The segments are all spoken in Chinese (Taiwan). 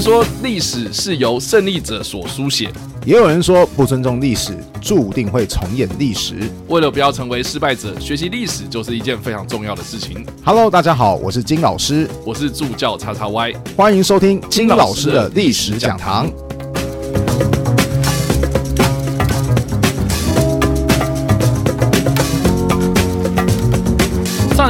說歷史是由勝利者所書寫，也有人說不尊重歷史，注定會重演歷史。為了不要成為失敗者，學習歷史就是一件非常重要的事情。Hello，大家好，我是金老師，我是助教叉叉 Y，歡迎收聽金老師的歷史講堂。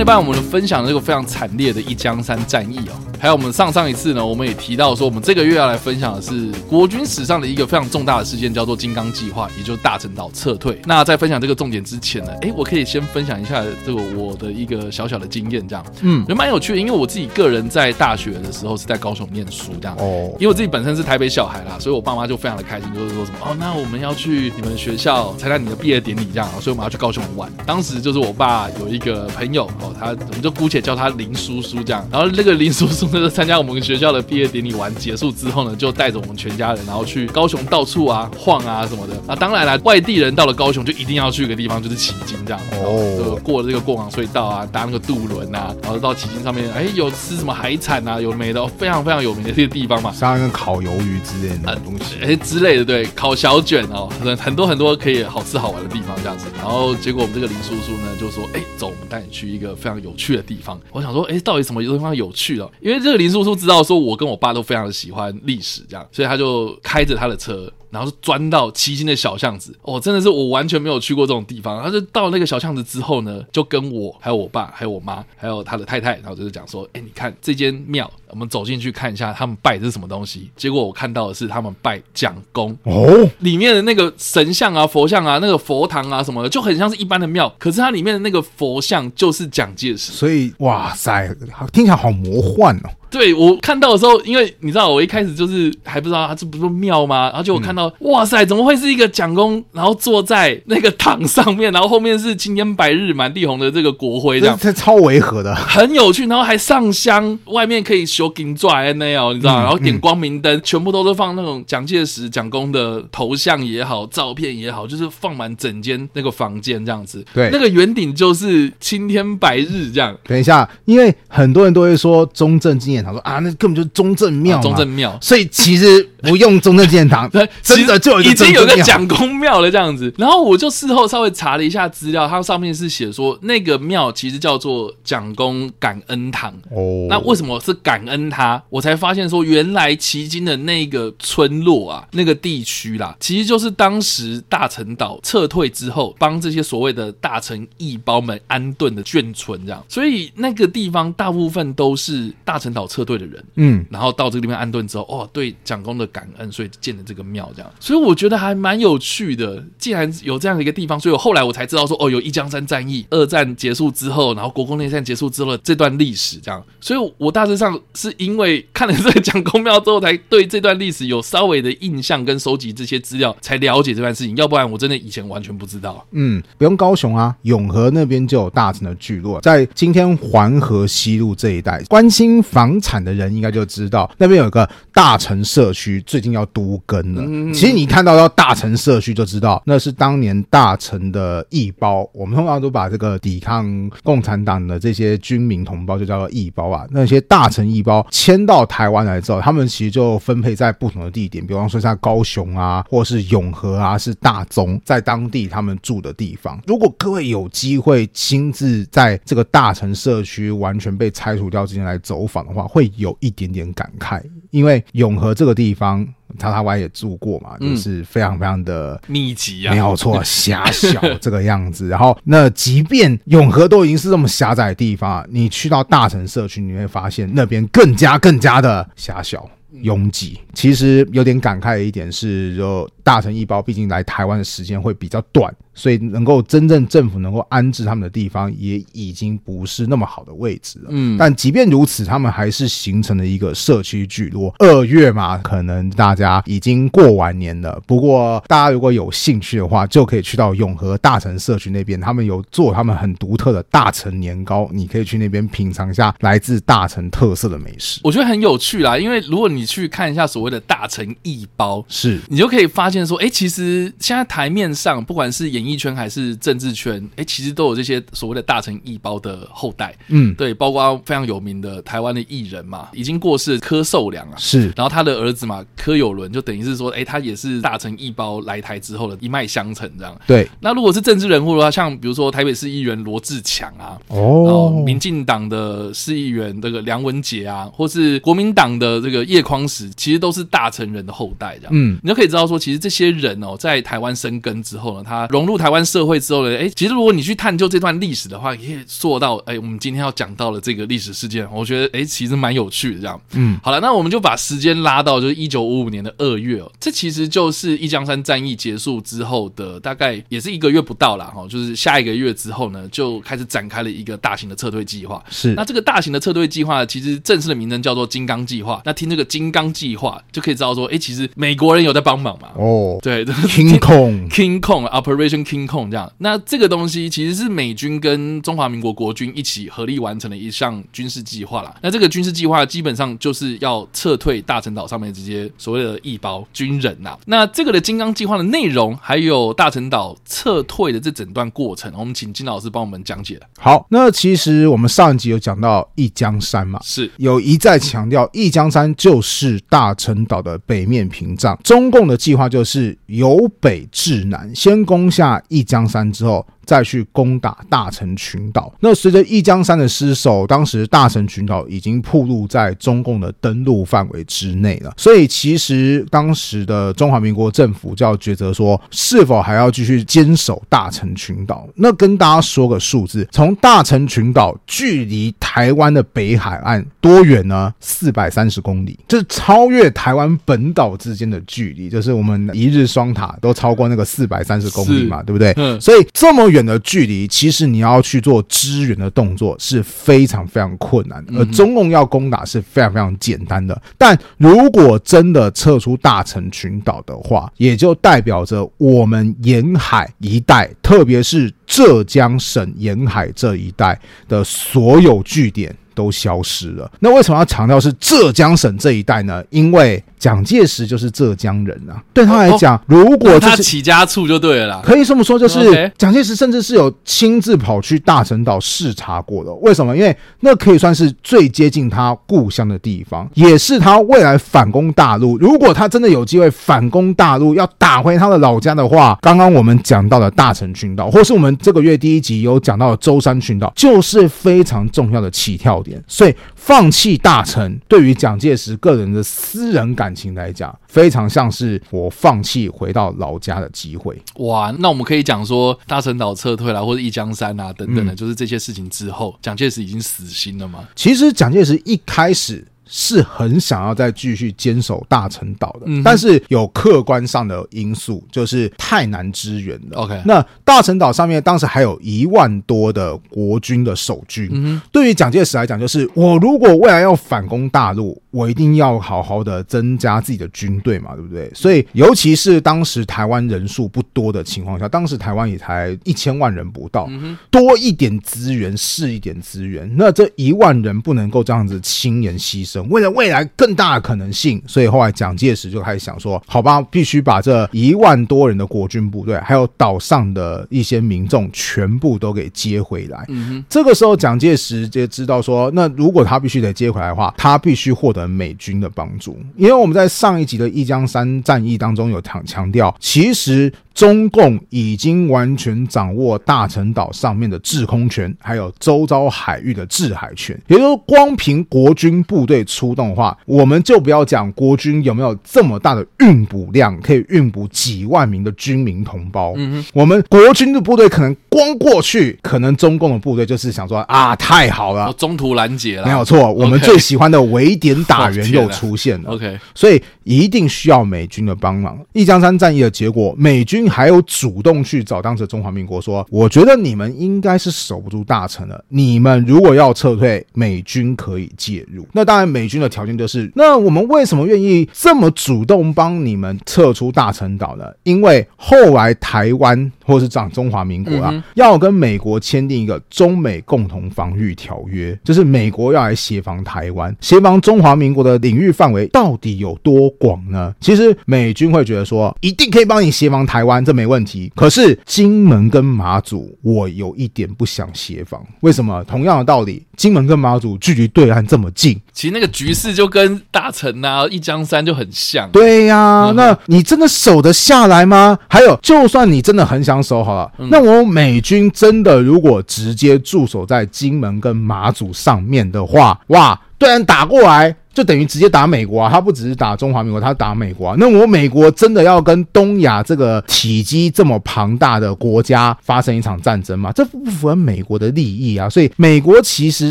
那一半，我們分享了這個非常慘烈的一江山戰役哦。還有我們上上一次呢，我們也提到說，我們這個月要來分享的是國軍史上的一個非常重大的事件，叫做“金剛計劃”，也就是大陳島撤退。那在分享這個重點之前呢，哎，我可以先分享一下這個我的一個小小的經驗，這樣，嗯，也蠻有趣的，因為我自己個人在大學的時候是在高雄念書，這樣哦，因為我自己本身是台北小孩啦，所以我爸媽就非常的開心，就是說什麼哦，那我們要去你們學校參加你的畢業典禮這樣，啊。所以我們要去高雄玩。當時就是我爸有一個朋友。他我們就姑且叫他林叔叔這樣，然後那個林叔叔呢，參加我們學校的畢業典禮完結束之後呢，就帶着我們全家人，然後去高雄到處啊晃啊什麼的啊。當然啦，外地人到了高雄就一定要去一個地方，就是旗津這樣，哦，就過了這個過港隧道啊，搭那個渡輪啊，然後到旗津上面，哎，有吃什麼海產啊？有名的非常非常有名的這些地方嘛，像那個烤魷魚之類的東西，哎、啊、之類的，對，烤小卷，哦，然後很多很多可以好吃好玩的地方這樣子。然後結果我們這個林叔叔呢就說，哎，走，我們帶你去一個。非常有趣的地方，我想說，哎、欸，到底什麼地方有趣了？因為這個林叔叔知道，說我跟我爸都非常的喜歡歷史，這樣，所以他就開着他的車。然後就鑽到旗津的小巷子，哦，真的是我完全沒有去過這種地方。他就到那個小巷子之後呢，就跟我還有我爸、還有我媽、還有他的太太，然後就是講說：“哎，你看這間廟，我們走進去看一下，他們拜的是什麼東西？”結果我看到的是他們拜蔣公哦，裡面的那個神像啊、佛像啊、那個佛堂啊什麼的，就很像是一般的廟，可是它裡面的那個佛像就是蔣介石，所以哇塞，聽起來好魔幻哦。對，我看到的時候，因為你知道我一開始就是還不知道他，啊，這不是說廟嗎？而且我看到，嗯，哇塞，怎麼會是一個蔣公，然後坐在那個堂上面，然後後面是青天白日滿地紅的這個國徽這樣，這這超違和的，很有趣，然後還上香，外面可以燒金紙那哦，你知道，嗯，然後點光明燈，嗯，全部都是放那種蔣介石、蔣公的頭像也好，照片也好，就是放滿整間那個房間這樣子。對，那個圓頂就是青天白日這樣。等一下，因為很多人都會說中正紀念。他說啊，那根本就是中正廟、啊、中正廟，所以其實不用中正殿堂，對， 真的就有一個蔣公廟了這樣子。然後我就事後稍微查了一下資料，它上面是寫說那個廟其實叫做蔣公感恩堂哦。那為什麼是感恩他？我才發現說，原來旗津的那個村落啊，那個地區啦，其實就是當時大陳島撤退之後，幫這些所謂的大陳義胞們安頓的眷村這樣。所以那個地方大部分都是大陳島。撤退的人，嗯，然後到這個地方安頓之後，哦，對蔣公的感恩，所以建了這個廟，這樣，所以我覺得還蠻有趣的。既然有這樣的一個地方，所以我後來我才知道說，哦，有一江山戰役，二戰結束之後，然後國共內戰結束之後，這段歷史這樣，所以我大致上是因為看了這個蔣公廟之後，才對這段歷史有稍微的印象跟收集，這些資料，才了解這段事情。要不然我真的以前完全不知道。嗯，不用高雄啊，永和那邊就有大陳的聚落，在今天環河西路這一帶，關心房產的人應該就知道那邊有個大陳社區，最近要都更了。其實你看到到大陳社區就知道，那是當年大陳的義胞。我們通常都把這個抵抗共產黨的這些軍民同胞就叫做義胞啊。那些大陳義胞遷到台灣來之後，他們其實就分配在不同的地點，比方說像高雄啊，或是永和啊，是大宗，在當地他們住的地方。如果各位有機會親自在這個大陳社區完全被拆除掉之前來走訪的話，會有一點點感慨，因為永和這個地方，他他瓦也住過嘛，嗯、就是非常非常的密集呀、啊，沒有錯， 狹小這個樣子。然後，那即便永和都已經是這麼狹窄的地方，你去到大陳社區，你會發現那邊更加更加的狹小、擁擠。其實有點感慨的一點是說，大陳義胞，畢竟來台灣的時間會比較短，所以能夠真正政府能夠安置他們的地方也已經不是那麼好的位置了。嗯，但即便如此，他們還是形成了一個社區聚落。二月嘛，可能大家已經過完年了。不過大家如果有興趣的話，就可以去到永和大陳社區那邊，他們有做他們很獨特的大陳年糕，你可以去那邊品嘗一下來自大陳特色的美食。我覺得很有趣啦，因為如果你去看一下所謂的大陳義胞，是你就可以發現。說哎、欸，其實現在台面上不管是演藝圈還是政治圈，哎、欸，其實都有這些所謂的大陳義胞的後代，嗯，對，包括非常有名的台灣的藝人嘛，已經過世柯受良啊，是，然後他的兒子嘛柯有倫，就等於是說，哎、欸，他也是大陳義胞來台之後的一脈相承這樣。對，那如果是政治人物的話，像比如說台北市議員羅智強啊，哦，民進黨的市議員這個梁文傑啊，或是國民黨的這個葉匡時，其實都是大陳人的後代這樣，嗯，你就可以知道說其實。這些人哦、喔，在台灣生根之後呢，他融入台灣社會之後呢，哎，其實如果你去探究這段歷史的話，也說到哎、欸，我們今天要講到的這個歷史事件，我覺得哎、欸，其實蠻有趣的這樣。嗯，好啦，那我們就把時間拉到就是一九五五年的二月哦、喔，這其實就是一江山戰役結束之後的大概也是一個月不到啦。哈，就是下一個月之後呢，就開始展開了一個大型的撤退計劃。是，那這個大型的撤退計劃其實正式的名稱叫做“金剛計劃”。那聽這個“金剛計劃”，就可以知道說，哎，其實美國人有在幫忙嘛。哦哦，對，King Kong，King Kong，Operation King Kong King Kong 這樣。那這個東西其實是美軍跟中華民國國軍一起合力完成的一項軍事計劃了。那這個軍事計劃基本上就是要撤退大陳島上面這些所謂的義胞軍人吶。那這個的金剛計劃的內容，還有大陳島撤退的這整段過程，我們請金老師幫我們講解。好，那其實我們上一集有講到一江山嘛，是有一再強調一江山就是大陳島的北面屏障，中共的計劃就是。是由北至南，先攻下一江山之後，再去攻打大陳群島。那隨着一江山的失守，當時大陳群島已經暴露在中共的登陸範圍之內了。所以，其實當時的中華民國政府就要抉擇說，是否還要繼續堅守大陳群島。那跟大家說個數字，從大陳群島距離台灣的北海岸多遠呢？四百三十公里，這、就是、超越台灣本島之間的距離，就是我們。一日雙塔都超過那個四百三十公里嘛，是 對不對？嗯，所以這麼遠的距離，其實你要去做支援的動作是非常非常困難的。而中共要攻打是非常非常簡單的。但如果真的撤出大陳群島的話，也就代表着我們沿海一帶，特別是浙江省沿海這一帶的所有據點都消失了。那為什麼要強調是浙江省這一帶呢？因為蔣介石就是浙江人啊，對他來講，如果他起家厝就對了，可以這麼說，就是蔣介石甚至是有親自跑去大陳島視察過的。為什麼？因為那可以算是最接近他故鄉的地方，也是他未來反攻大陸。如果他真的有機會反攻大陸，要打回他的老家的話，剛剛我們講到了大陳群島，或是我們這個月第一集有講到的舟山群島，就是非常重要的起跳點。所以。放棄大陳，對於蔣介石個人的私人感情來講，非常像是我放棄回到老家的機會。哇，那我們可以講說，大陳島撤退了、啊，或者一江山啊等等的，嗯、就是這些事情之後，蔣介石已經死心了嘛？其實蔣介石一開始。是很想要再繼續堅守大陳島的，嗯、哼但是有客觀上的因素，就是太難支援了。OK，那大陳島上面當時還有一萬多的國軍的守軍。嗯哼，對於蔣介石來講，就是我如果未來要反攻大陸，我一定要好好的增加自己的軍隊嘛，對不對？所以，尤其是當時台灣人數不多的情況下，當時台灣也才一千萬人不到，多一點資源是一點資源，那這一萬人不能夠這樣子輕言犧牲。為了未來更大的可能性，所以後來蔣介石就開始想說：“好吧，必須把這一萬多人的國軍部隊，還有島上的一些民眾，全部都給接回來。”嗯哼，這個時候蔣介石就知道說：“那如果他必須得接回來的話，他必須獲得美軍的幫助。”因為我們在上一集的一江山戰役當中有強強調，其實中共已經完全掌握大陳島上面的制空權，還有周遭海域的制海權。也就是說，光憑國軍部隊。出動的話，我們就不要講國軍有沒有這麼大的運補量，可以運補幾萬名的軍民同胞。嗯哼，我們國軍的部隊可能光過去，可能中共的部隊就是想說啊，太好了，哦、中途攔截了，沒有錯。我們最喜歡的圍點打援又出現了。OK，, 了 okay 所以一定需要美軍的幫忙。一江山戰役的結果，美軍還有主動去找當時的中華民國說，我覺得你們應該是守不住大陳了，你們如果要撤退，美軍可以介入。那當然美。美軍的條件就是，那我們為什麼願意這麼主動幫你們撤出大陳島呢？因為後來台灣或是講中華民國啊，嗯哼。要跟美國簽訂一個中美共同防禦條約，就是美國要來協防台灣，協防中華民國的領域範圍到底有多廣呢？其實美軍會覺得說，一定可以幫你協防台灣，這沒問題。可是金門跟馬祖，我有一點不想協防。為什麼？同樣的道理，金門跟馬祖距離對岸這麼近，其實那個。局勢就跟大陳吶、啊，一江山就很像。對呀、啊，嗯、哼那你真的守得下來嗎？還有，就算你真的很想守好了，嗯、那我美軍真的如果直接駐守在金門跟馬祖上面的話，哇，突然打過來。就等於直接打美國啊，他不只是打中華民國，他打美國啊。那我美國真的要跟東亞這個體積這麼龐大的國家發生一場戰爭嗎？這不符合美國的利益啊。所以美國其實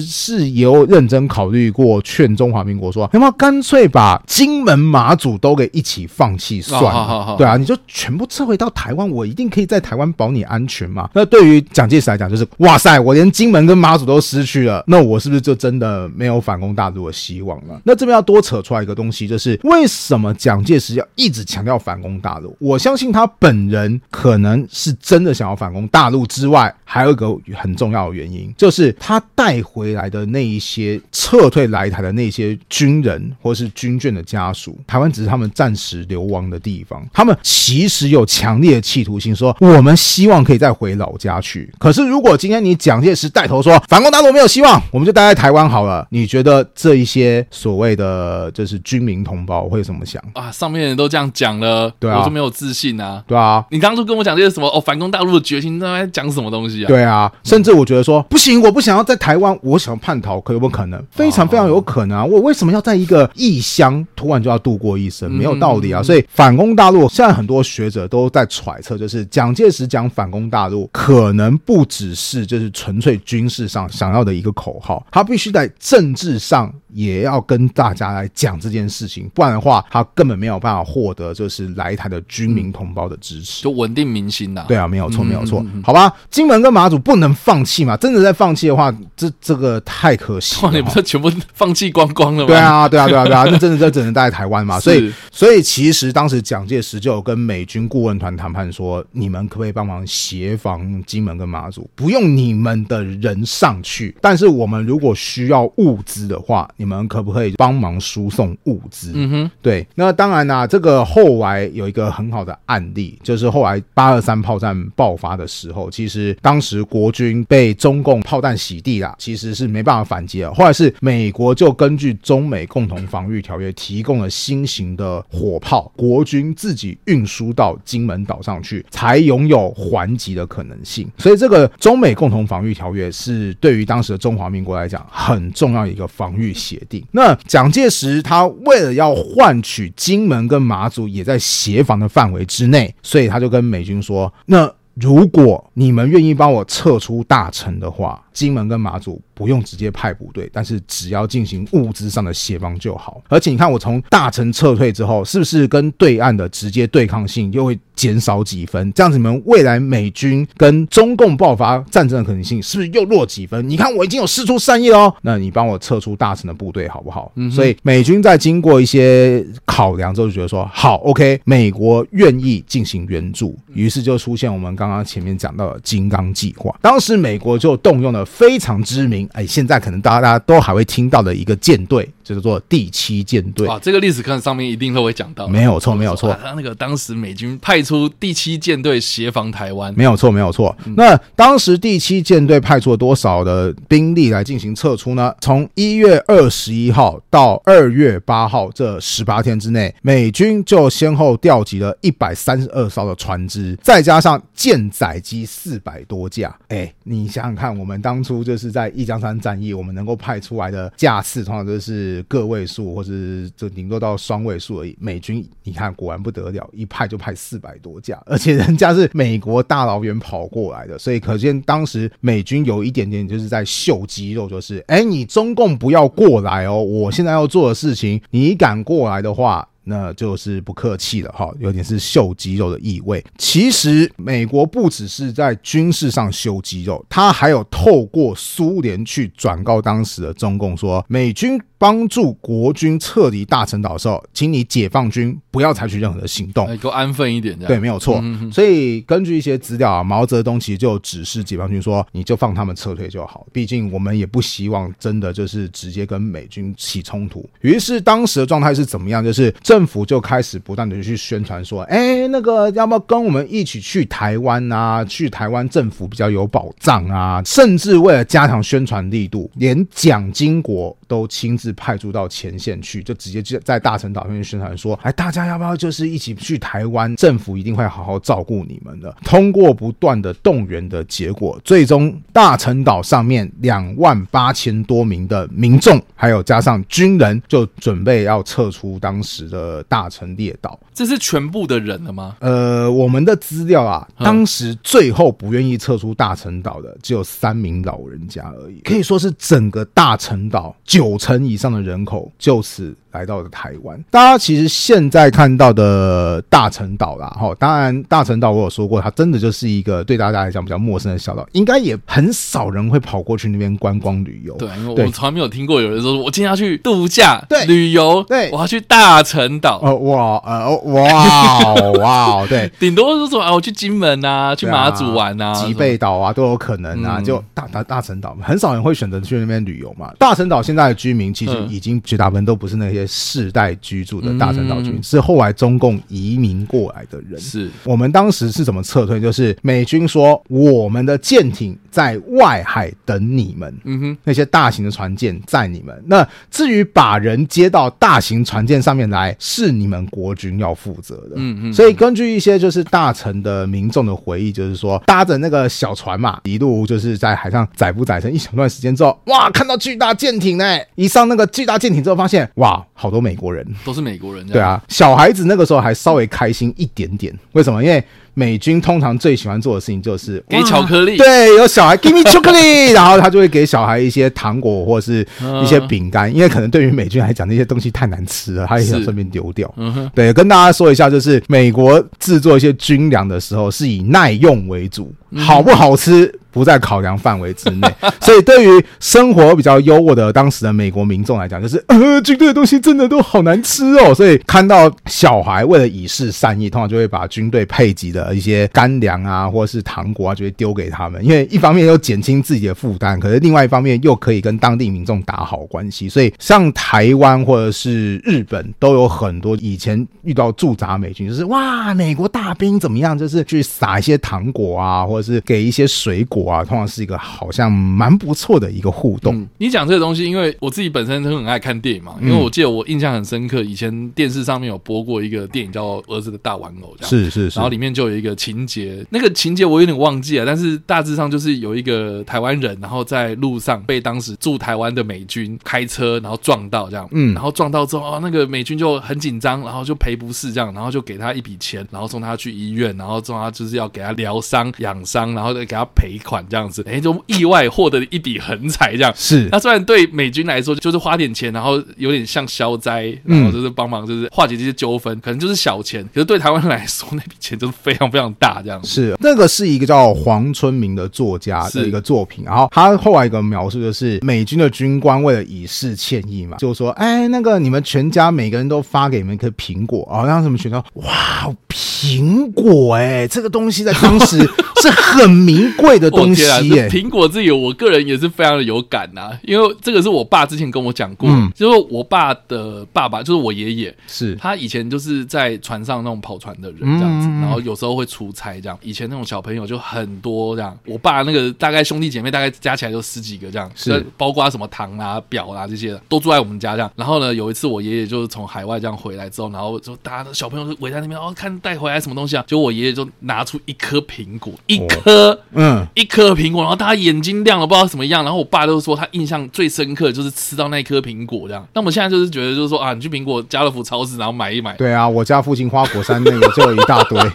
是有認真考慮過，勸中華民國說，有沒有乾脆把金門、馬祖都給一起放棄算了？啊好好好對啊，你就全部撤回到台灣，我一定可以在台灣保你安全嘛。那對於蔣介石來講，就是哇塞，我連金門跟馬祖都失去了，那我是不是就真的沒有反攻大陸的希望了？那這邊要多扯出來一個東西，就是為什麼蔣介石要一直強調反攻大陸？我相信他本人可能是真的想要反攻大陸，之外還有一個很重要的原因，就是他帶回來的那一些撤退來台的那些軍人或是軍眷的家屬，台灣只是他們暫時流亡的地方，他們其實有強烈的企圖心，說我們希望可以再回老家去。可是如果今天你蔣介石帶頭說反攻大陸沒有希望，我們就待在台灣好了，你覺得這一些所所謂的，就是軍民同胞我會怎麼想啊？上面人都這樣講了，對啊，我就沒有自信啊，對啊。你當初跟我講這些什麼哦，反攻大陸的決心，在那邊講什麼東西啊？對啊，甚至我覺得說、嗯、不行，我不想要在台灣，我想叛逃，可有不可能？非常非常有可能。啊。哦、我為什麼要在一個異鄉突然就要度過一生，沒有道理啊。嗯、所以反攻大陸，現在很多學者都在揣測，就是蔣介石講反攻大陸，可能不只是就是純粹軍事上想要的一個口號，他必須在政治上。也要跟大家來講這件事情，不然的話，他根本沒有辦法獲得就是來台的軍民同胞的支持，就穩定民心吶。對啊，沒有錯，沒有錯。好吧，金門跟馬祖不能放棄嘛，真的在放棄的話，這這個太可惜了。哇，你不是全部放棄光光了嗎？對啊，對啊，對啊，對啊，啊啊、 那真的就只能待在台灣嘛。所以，所以其實當時蔣介石就有跟美軍顧問團談判說，你們可不可以幫忙協防金門跟馬祖，不用你們的人上去，但是我們如果需要物資的話，你們可不可以幫忙輸送物資？嗯哼，對。那當然啦、啊，這個後來有一個很好的案例，就是後來八二三炮戰爆發的時候，其實當時國軍被中共炮彈洗地啦，其實是沒辦法反擊了。後來是美國就根據中美共同防禦條約提供了新型的火炮，國軍自己運輸到金門島上去，才擁有還擊的可能性。所以這個中美共同防禦條約是對於當時的中華民國來講很重要一個防禦協定。那蔣介石他為了要換取金門跟馬祖也在協防的範圍之內，所以他就跟美軍說：那如果你們願意幫我撤出大陳的話，金門跟馬祖不用直接派部隊，但是只要進行物資上的協防就好。而且你看，我從大陳撤退之後，是不是跟對岸的直接對抗性又會？減少幾分，這樣子你們未來美軍跟中共爆發戰爭的可能性是不是又弱幾分？你看我已經有釋出善意了哦，那你幫我撤出大陳的部隊好不好？嗯、哼所以美軍在經過一些考量之後，就覺得說好，OK，美國願意進行援助，於是就出現我們剛剛前面講到的“金剛計劃”。當時美國就動用了非常知名，哎、欸，現在可能大家大家都還會聽到的一個艦隊。就是說第七艦隊啊，這個歷史課上面一定都會講到，沒有錯，沒有錯。那個當時美軍派出第七艦隊協防台灣，沒有錯，沒有錯。嗯、那當時第七艦隊派出了多少的兵力來進行撤出呢？從一月二十一號到二月八號這十八天之內，美軍就先後調集了一百三十二艘的船隻，再加上艦載機四百多架。哎，你想想看，我們當初就是在一江山戰役，我們能夠派出來的架次，通常都、就是。個位數，或是就頂多到雙位數而已。美軍，你看，果然不得了，一派就派四百多架，而且人家是美國大老遠跑過來的，所以可見當時美軍有一點點就是在秀肌肉，就是，哎、欸，你中共不要過來哦，我現在要做的事情，你敢過來的話，那就是不客氣了哈，有點是秀肌肉的意味。其實美國不只是在軍事上秀肌肉，他還有透過蘇聯去轉告當時的中共說，美軍。幫助國軍撤離大陳島的時候，請你解放軍不要採取任何的行動，欸、夠安分一點。對，沒有錯。嗯、哼所以根據一些資料啊，毛澤東其實就指示解放軍說：“你就放他們撤退就好，畢竟我們也不希望真的就是直接跟美軍起衝突。”於是當時的狀態是怎麼樣？就是政府就開始不斷的去宣傳說：“哎，那個要不要跟我們一起去台灣啊？去台灣政府比較有保障啊！”甚至為了加強宣傳力度，連蔣經國都親自。派駐到前線去，就直接在大陳島上面宣傳說：“哎，大家要不要就是一起去台灣？政府一定會好好照顧你們的。”通過不斷的動員的結果，最終大陳島上面兩萬八千多名的民眾，還有加上軍人，就準備要撤出當時的大陳列島。這是全部的人了嗎？呃，我們的資料啊，當時最後不願意撤出大陳島的只有三名老人家而已，可以說是整個大陳島九成以上。上的人口就此。來到了台灣，大家其實現在看到的大陳島啦，哈，當然大陳島我有說過，它真的就是一個對大家來講比較陌生的小島，應該也很少人會跑過去那邊觀光旅遊。對，因為對我從來沒有聽過有人說我今天要去度假、對旅遊，對，我要去大陳島。哦、呃，哇，呃，哇，哇，對， 頂多是說啊，我去金門啊，去馬祖玩啊，吉貝、啊、島啊麼都有可能啊，嗯、就大大大陳島，很少人會選擇去那邊旅遊嘛。大陳島現在的居民其實、嗯、已經絕大部分都不是那些。世代居住的大陳島軍，是後來中共移民過來的人。是我們當時是怎麼撤退？就是美軍說，我們的艦艇在外海等你們。嗯哼，那些大型的船艦載你們。那至於把人接到大型船艦上面來，是你們國軍要負責的。嗯嗯哼。所以根據一些就是大陳的民眾的回憶，就是說搭着那個小船嘛，一路就是在海上載不載成一小段時間之後，哇，看到巨大艦艇呢。一上那個巨大艦艇之後，發現哇。好多美國人都是美國人，對啊，小孩子那個時候還稍微開心一點點，為什麼？因為，美軍通常最喜歡做的事情就是給巧克力、啊，對，有小孩 give me chocolate，然後他就會給小孩一些糖果或是一些餅乾，嗯、因為可能對於美軍來講，那些東西太難吃了，他也想順便丟掉。嗯、哼對，跟大家說一下，就是美國制作一些軍糧的時候是以耐用為主，嗯、好不好吃不在考量範圍之內。嗯、所以對於生活比較優渥的當時的美國民眾來講，就是呃軍隊的東西真的都好難吃哦。所以看到小孩為了以示善意，通常就會把軍隊配給的。一些乾糧啊，或者是糖果啊，就會丟給他們，因為一方面又減輕自己的負擔，可是另外一方面又可以跟當地民眾打好關係。所以像台灣或者是日本，都有很多以前遇到駐紮美軍，就是哇，美國大兵怎麼樣？就是去撒一些糖果啊，或者是給一些水果啊，通常是一個好像蠻不錯的一個互動，嗯。你講這個東西，因為我自己本身都很愛看電影嘛，因為我記得我印象很深刻，以前電視上面有播過一個電影叫《兒子的大玩偶》這樣，是是是，然後裡面就。有一個情節，那個情節我有點忘記了，但是大致上就是有一個台灣人，然後在路上被當時駐台灣的美軍開車然後撞到，這樣，嗯，然後撞到之後啊、哦，那個美軍就很緊張，然後就賠不是這樣，然後就給他一筆錢，然後送他去醫院，然後送他就是要給他療傷、養傷，然後再給他賠款這樣子，哎，就意外獲得了一筆橫財這樣。是，那雖然對美軍來說就是花點錢，然後有點像消災，然後就是幫忙，就是化解這些糾紛，可能就是小錢，可是對台灣人來說那筆錢就是非，非常，非常大，這樣子，是那個是一個叫黃春明的作家的一個作品，是然後他後來一個描述，就是美軍的軍官為了以示歉意嘛，就說：“哎、欸，那個你們全家每個人都發給你們一顆蘋果啊，讓、哦那個、什麼群眾哇，蘋果哎、欸，這個東西在當時是很名貴的東西、欸。 啊”蘋果自由。我個人也是非常的有感吶、啊，因為這個是我爸之前跟我講過，嗯、就是我爸的爸爸就是我爺爺，是他以前就是在船上那種跑船的人這樣子，嗯、然後有時候。都會出差這樣，以前那種小朋友就很多這樣。我爸那個大概兄弟姐妹大概加起來就十幾個這樣，是包括什麼糖啊、表啊這些的都住在我們家這樣。然後呢，有一次我爺爺就是從海外這樣回來之後，然後就大家的小朋友就圍在那邊哦，看帶回來什麼東西啊。結果我爺爺就拿出一顆蘋果，一顆、哦、嗯，一顆蘋果，然後大家眼睛亮了，不知道什麼樣。然後我爸就說他印象最深刻就是吃到那一顆蘋果這樣。那我們現在就是覺得就是說啊，你去蘋果家樂福超市然後買一買。對啊，我家附近花果山那個就有一大堆。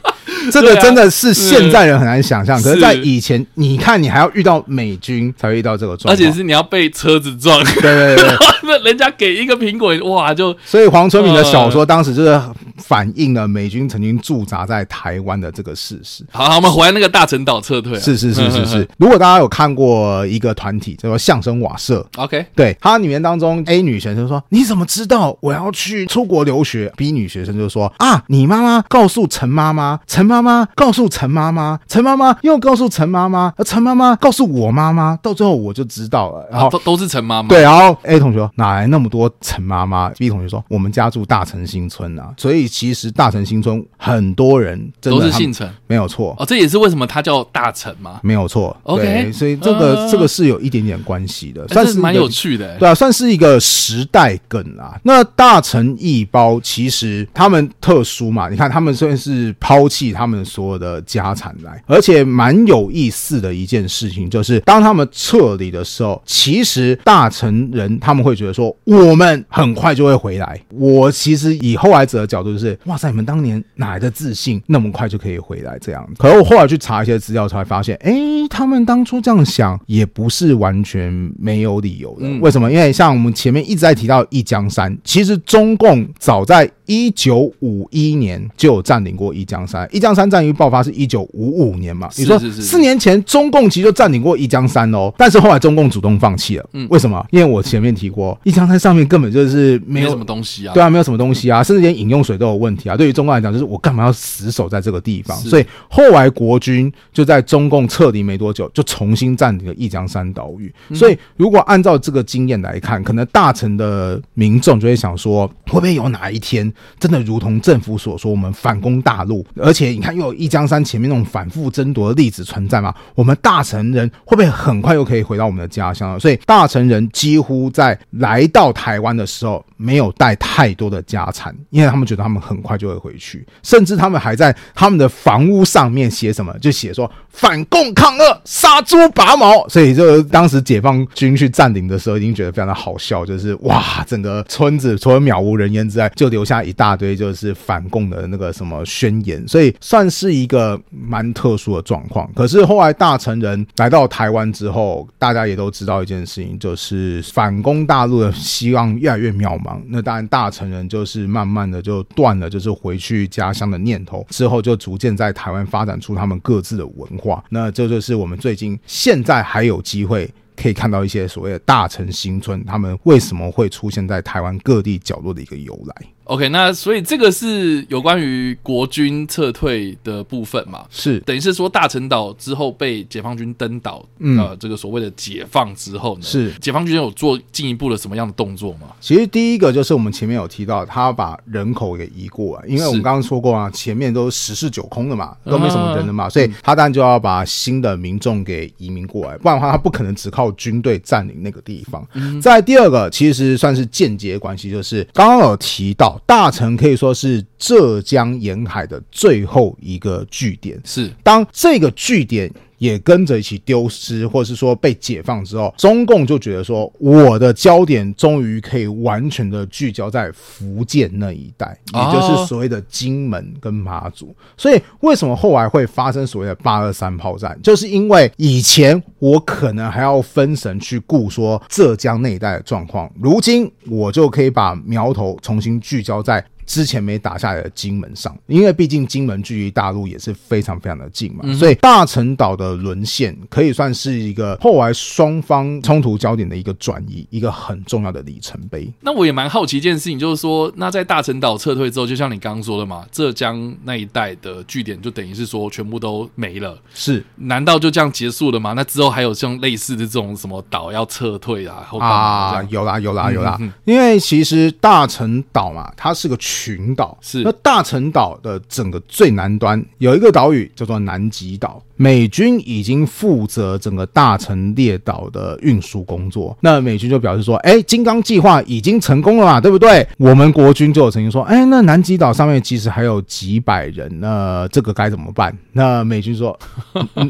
這個真的是現在人很難想象，啊嗯、可是，在以前，是你看，你還要遇到美軍才會遇到這個狀況，而且是你要被車子撞。 對對對,對， 人家給一個蘋果，哇，就。所以黃春明的小說當時就是反映了美軍曾經駐紮在台灣的這個事實。嗯、好,好，我們回來那個大陳島撤退、啊。是,是是是是是。嗯、呵呵如果大家有看過一個團體叫做相聲瓦舍，OK，對，它裡面當中 A 女學生說：“你怎麼知道我要去出國留學？”B 女學生就說：“啊，你媽媽告訴陳媽媽，陳媽。”媽媽告訴陳媽媽，陳媽媽又告訴陳媽媽，陳媽媽告訴我媽媽，到最後我就知道了。然後、啊、都都是陳媽媽對。然後 A、欸、同學哪來那麼多陳媽媽？B 同學說我們家住大陳新村啊，所以其實大陳新村很多人真的都是姓陳，沒有錯哦。這也是為什麼他叫大陳嘛，沒有錯。OK，對所以這個、呃、這個是有一點點關係的，欸、算是蠻、欸、有趣的、欸，對啊，算是一個時代梗啊。那大陳義胞其實他們特殊嘛，你看他們算是拋棄他。他們所有的家產來，而且蠻有意思的一件事情，就是當他們撤離的時候，其實大陳人他們會覺得說，我們很快就會回來。我其實以後來者的角度，就是哇塞，你們當年哪來的自信，那麼快就可以回來這樣？可是我後來去查一些資料，才發現，哎，他們當初這樣想也不是完全沒有理由的。為什麼？因為像我們前面一直在提到一江山，其實中共早在。一九五一年就佔領過一江山，一江山戰役爆發是一九五五年嘛？你說四年前中共其實就佔領過一江山嘍，哦，但是後來中共主動放棄了。嗯，為什麼？因為我前面提過，一江山上面根本就是沒有什麼東西啊。對啊，沒有什麼東西啊，甚至連飲用水都有問題啊。對於中共來講，就是我幹嘛要死守在這個地方？所以後來國軍就在中共撤離沒多久就重新佔領了一江山島嶼。所以如果按照這個經驗來看，可能大陳的民眾就會想說，會不會有哪一天？真的如同政府所說，我們反攻大陸，而且你看，又有一江山前面那種反覆爭奪的例子存在嘛？我們大陳人會不會很快又可以回到我們的家鄉？所以大陳人幾乎在來到台灣的時候。沒有帶太多的家產，因為他們覺得他們很快就會回去，甚至他們還在他們的房屋上面寫什麼，就寫說“反共抗俄，殺豬拔毛”。所以，就當時解放軍去占領的時候，已經覺得非常的好笑，就是哇，整個村子除了渺無人煙之外，就留下一大堆就是反共的那個什麼宣言，所以算是一個蠻特殊的狀況。可是後來大陳人來到台灣之後，大家也都知道一件事情，就是反攻大陸的希望越來越渺茫。那當然，大陳人就是慢慢的就斷了，就是回去家鄉的念頭，之後就逐漸在台灣發展出他們各自的文化。那這就是我們最近現在還有機會可以看到一些所謂的大陳新村，他們為什麼會出現在台灣各地角落的一個由來。OK，那所以這個是有關於國軍撤退的部分嘛，是等於是說大陳島之後被解放軍登島，嗯、呃，這個所謂的解放之後呢，是解放軍有做進一步的什麼樣的動作嗎？其實第一個就是我們前面有提到，他把人口給移過來，因為我們剛剛說過啊，是前面都十室九空的嘛，都沒什麼人的嘛，嗯啊、所以他當然就要把新的民眾給移民過來，不然的話他不可能只靠軍隊佔領那個地方。在嗯嗯第二個，其實算是間接關係，就是剛剛有提到。大陳可以說是浙江沿海的最後一個據點，是當這個據點，也跟着一起丟失，或者是說被解放之後，中共就覺得說，我的焦點終於可以完全的聚焦在福建那一帶，也就是所謂的金門跟馬祖。所以，為什麼後來會發生所謂的八二三炮戰，就是因為以前我可能還要分神去顧說浙江那一帶的狀況，如今我就可以把苗頭重新聚焦在。之前沒打下來的金門上，因為畢竟金門距離大陸也是非常非常的近嘛，嗯哼，所以大陳島的淪陷可以算是一個後來雙方衝突焦點的一個轉移，一個很重要的里程碑。那我也蠻好奇一件事情，就是說，那在大陳島撤退之後，就像你剛剛說的嘛，浙江那一帶的據點就等於是說全部都沒了，是？難道就這樣結束了嗎？那之後還有像類似的這種什麼島要撤退啊？後啊，啊這樣，有，有啦有啦有啦，嗯哼，因為其實大陳島嘛，它是個。群島是那大陳島的整個最南端，有一個島嶼叫做南極島。美軍已經負責整個大陳列島的運輸工作，那美軍就表示說：“哎，金剛計劃已經成功了嘛，對不對？”我們國軍就有曾經說：“哎，那南麂島上面其實還有幾百人，那這個該怎麼辦？”那美軍說：“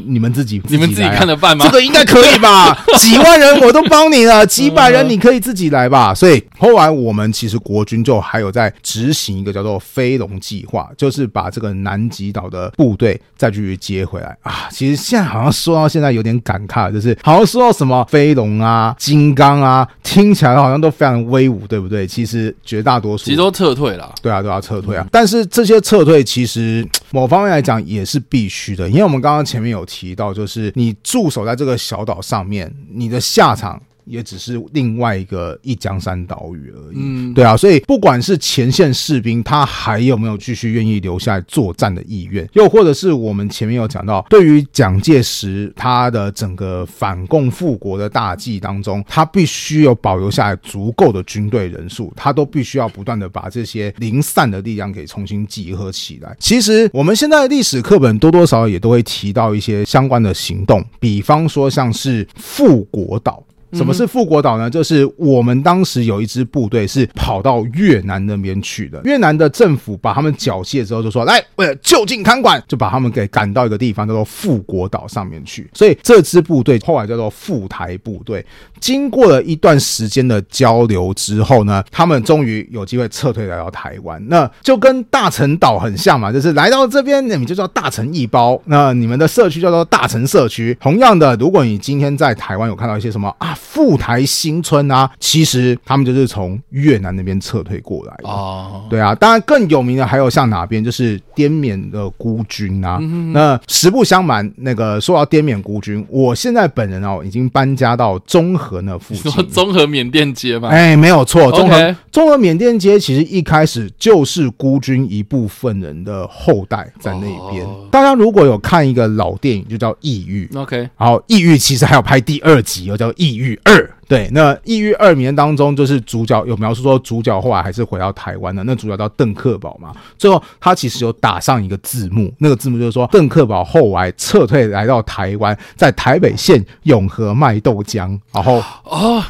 你們自己，你們自己，自己、啊、你們自己看着辦吧。”這個應該可以吧？幾萬人我都幫你了，幾百人你可以自己來吧。所以後來我們其實國軍就還有在執行一個叫做“飛龍計劃”，就是把這個南麂島的部隊再去接回來啊。其實現在好像說到現在有點感慨，就是好像說到什麼飛龍啊、金剛啊，聽起來好像都非常威武，對不對？其實絕大多數其實都撤退了，對啊，都要撤退啊。但是這些撤退其實某方面來講，也是必須的，因為我們剛剛前面有提到，就是你駐守在這個小島上面，你的下場也只是另外一個一江山島嶼而已，嗯，對啊，所以不管是前線士兵，他還有沒有繼續願意留下來作戰的意願，又或者是我們前面有講到，對於蔣介石他的整個反共復國的大計當中，他必須有保留下來足夠的軍隊人數，他都必須要不斷的把這些零散的力量給重新集合起來。其實我們現在的歷史課本多多少少也都會提到一些相關的行動，比方說像是復國島。什麼是富國島呢？就是我們當時有一支部隊是跑到越南那邊去的。越南的政府把他們繳械之後，就說來，為了就近看管，就把他們給趕到一個地方，叫做富國島上面去。所以這支部隊後來叫做富台部隊。經過了一段時間的交流之後呢，他們終於有機會撤退來到台灣。那就跟大陳島很像嘛，就是來到這邊，你們就叫大陳義胞。那你們的社區叫做大陳社區。同樣的，如果你今天在台灣有看到一些什麼啊？富台新村啊，其實他們就是從越南那邊撤退過來的。哦、對啊，當然更有名的還有像哪邊，就是滇緬的孤軍啊。嗯、哼哼，那實不相瞞。那個說到滇緬孤軍，我現在本人哦已經搬家到中和那附近，中和緬甸街嘛。哎，沒有錯，中和中和緬甸街其實一開始就是孤軍一部分人的後代在那邊。哦、大家如果有看一個老電影，就叫《異域》。O K，好，《異域》其實還有拍第二集，嗯、叫抑鬱《異域》。二，對，那異域二年當中，就是主角有描述說，主角後來還是回到台灣的。那主角叫鄧克保嘛，最後他其實有打上一個字幕，那個字幕就是說，鄧克保後來撤退來到台灣，在台北縣永和賣豆漿，然後哦。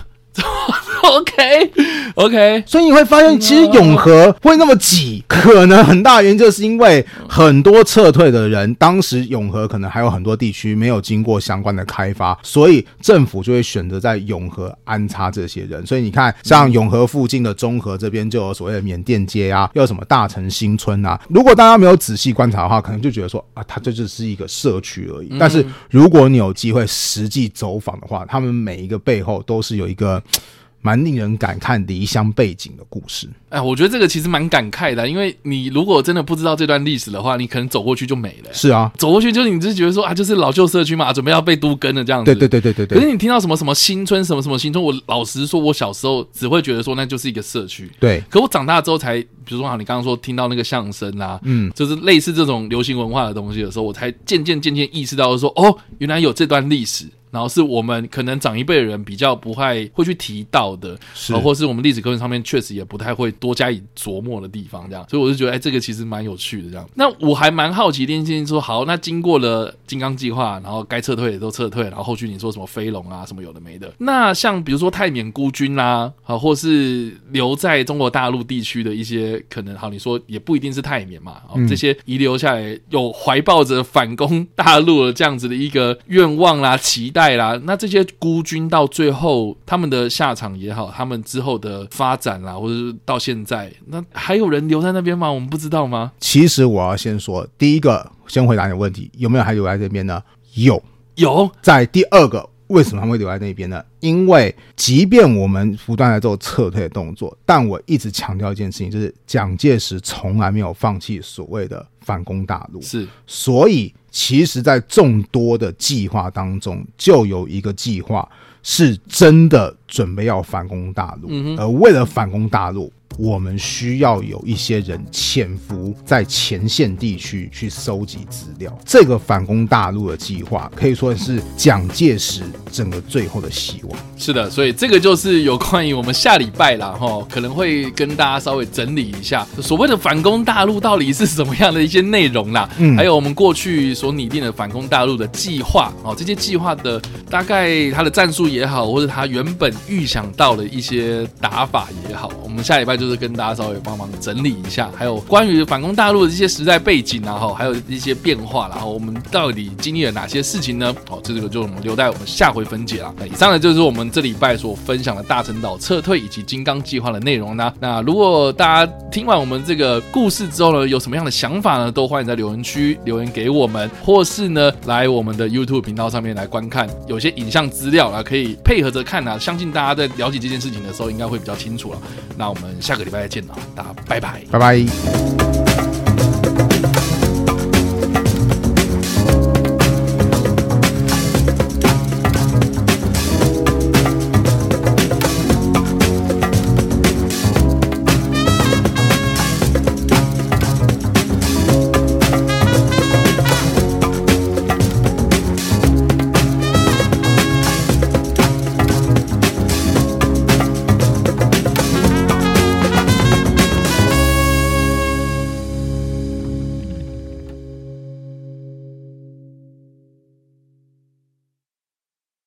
O K O K，所以你會發現，其實永和會那麼擠，嗯嗯嗯嗯、可能很大原因就是因為很多撤退的人，當時永和可能還有很多地區沒有經過相關的開發，所以政府就會選擇在永和安插這些人。所以你看，像永和附近的中和這邊，就有所謂的緬甸街啊，又有什麼大陳新村啊。如果大家沒有仔細觀察的話，可能就覺得說啊，它這就是一個社區而已。但是如果你有機會實際走訪的話，他們每一個背後都是有一個。蠻令人感慨的離鄉背景的故事。哎，我覺得這個其實蠻感慨的，因為你如果真的不知道這段歷史的話，你可能走過去就沒了。是啊，走過去就是你就覺得說啊，就是老舊社區嘛、啊，準備要被都更了這樣子。對對對對對對。可是你聽到什麼什麼新村什麼什麼新村，我老實說，我小時候只會覺得說那就是一個社區。對。可我長大之後才。比如說哈，你剛剛說聽到那個相聲啊，嗯，就是類似這種流行文化的東西的時候，我才漸漸漸漸意識到說，哦，原來有這段歷史，然後是我們可能長一輩人比較不太會，會去提到的，啊是、呃，或是我們歷史課本上面確實也不太會多加以琢磨的地方，這樣，所以我就覺得，哎，欸，這個其實蠻有趣的這樣。那我還蠻好奇，丁先生說，好，那經過了金剛計劃，然後該撤退也都撤退，然後後續你說什麼飛龍啊，什麼有的沒的，那像比如說泰緬孤軍啊，啊，呃，或是留在中國大陸地區的一些。可能好，你說也不一定是泰緬嘛。哦、這些遺留下來有懷抱着反攻大陸的這樣子的一個願望啦、期待啦，那這些孤軍到最後他們的下場也好，他們之後的發展啦，或者是到現在，那還有人留在那邊嗎？我們不知道嗎？其實我要先說，第一個先回答你問題，有沒有還留在這邊呢？有，有在第二個。為什麼他會留在那邊呢？因為即便我們不斷在做撤退的動作，但我一直強調一件事情，就是蔣介石從來沒有放棄所謂的反攻大陸。是，所以其實，在眾多的計劃當中，就有一個計劃是真的準備要反攻大陸。嗯哼，而為了反攻大陸。我們需要有一些人潛伏在前線地區去收集資料。這個反攻大陸的計劃可以說是蔣介石整個最後的希望。是的，所以這個就是有關於我們下禮拜啦，哈，可能會跟大家稍微整理一下所謂的反攻大陸到底是什麼樣的一些內容啦，嗯，還有我們過去所擬定的反攻大陸的計劃哦，這些計劃的大概他的戰術也好，或者他原本預想到的一些打法也好，我們下禮拜。就是跟大家稍微幫忙整理一下，還有關於反攻大陸的一些時代背景，然後還有一些變化，然後我們到底經歷了哪些事情呢？好，這個就我們留待我們下回分解了。那以上呢，就是我們這禮拜所分享的大陳島撤退以及金剛計劃的內容呢啊。那如果大家聽完我們這個故事之後呢，有什麼樣的想法呢？都歡迎在留言區留言給我們，或是呢來我們的 YouTube 頻道上面來觀看，有些影像資料啊，可以配合着看啊。相信大家在了解這件事情的時候，應該會比較清楚了啊。那我們。下個禮拜再見了，大家拜拜，拜拜。